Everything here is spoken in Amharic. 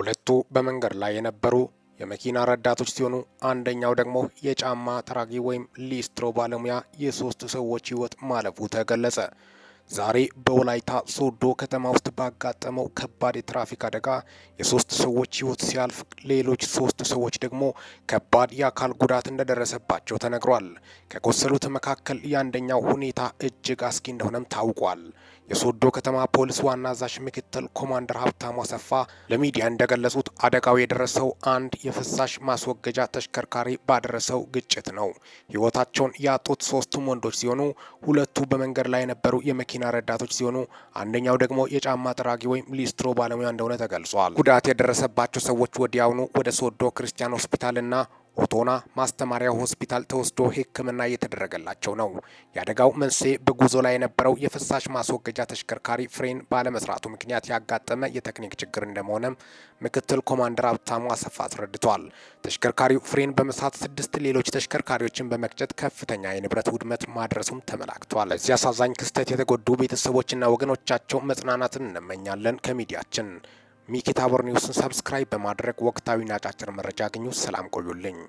ሁለቱ በመንገድ ላይ የነበሩ የመኪና ረዳቶች ሲሆኑ አንደኛው ደግሞ የጫማ ጠራጊ ወይም ሊስትሮ ባለሙያ የሶስት ሰዎች ህይወት ማለፉ ተገለጸ። ዛሬ በወላይታ ሶዶ ከተማ ውስጥ ባጋጠመው ከባድ የትራፊክ አደጋ የሶስት ሰዎች ህይወት ሲያልፍ ሌሎች ሶስት ሰዎች ደግሞ ከባድ የአካል ጉዳት እንደደረሰባቸው ተነግሯል። ከቆሰሉት መካከል የአንደኛው ሁኔታ እጅግ አስጊ እንደሆነም ታውቋል። የሶዶ ከተማ ፖሊስ ዋና አዛዥ ምክትል ኮማንደር ሀብታሙ አሰፋ ለሚዲያ እንደገለጹት አደጋው የደረሰው አንድ የፍሳሽ ማስወገጃ ተሽከርካሪ ባደረሰው ግጭት ነው። ህይወታቸውን ያጡት ሶስቱም ወንዶች ሲሆኑ ሁለቱ በመንገድ ላይ የነበሩ የመኪና ረዳቶች ሲሆኑ አንደኛው ደግሞ የጫማ ጠራጊ ወይም ሊስትሮ ባለሙያ እንደሆነ ተገልጿል። ጉዳት የደረሰባቸው ሰዎች ወዲያውኑ ወደ ሶዶ ክርስቲያን ሆስፒታልና ኦቶና ማስተማሪያ ሆስፒታል ተወስዶ ሕክምና እየተደረገላቸው ነው። የአደጋው መንስኤ በጉዞ ላይ የነበረው የፍሳሽ ማስወገጃ ተሽከርካሪ ፍሬን ባለመስራቱ ምክንያት ያጋጠመ የቴክኒክ ችግር እንደመሆነም ምክትል ኮማንደር ሀብታሙ አሰፋ አስረድቷል። ተሽከርካሪው ፍሬን በመሳት ስድስት ሌሎች ተሽከርካሪዎችን በመቅጨት ከፍተኛ የንብረት ውድመት ማድረሱም ተመላክቷል። እዚህ አሳዛኝ ክስተት የተጎዱ ቤተሰቦችና ወገኖቻቸው መጽናናትን እንመኛለን። ከሚዲያችን ሚኪታቦር ኒውስን ሰብስክራይብ በማድረግ ወቅታዊና አጫጭር መረጃ አግኙ። ሰላም ቆዩልኝ።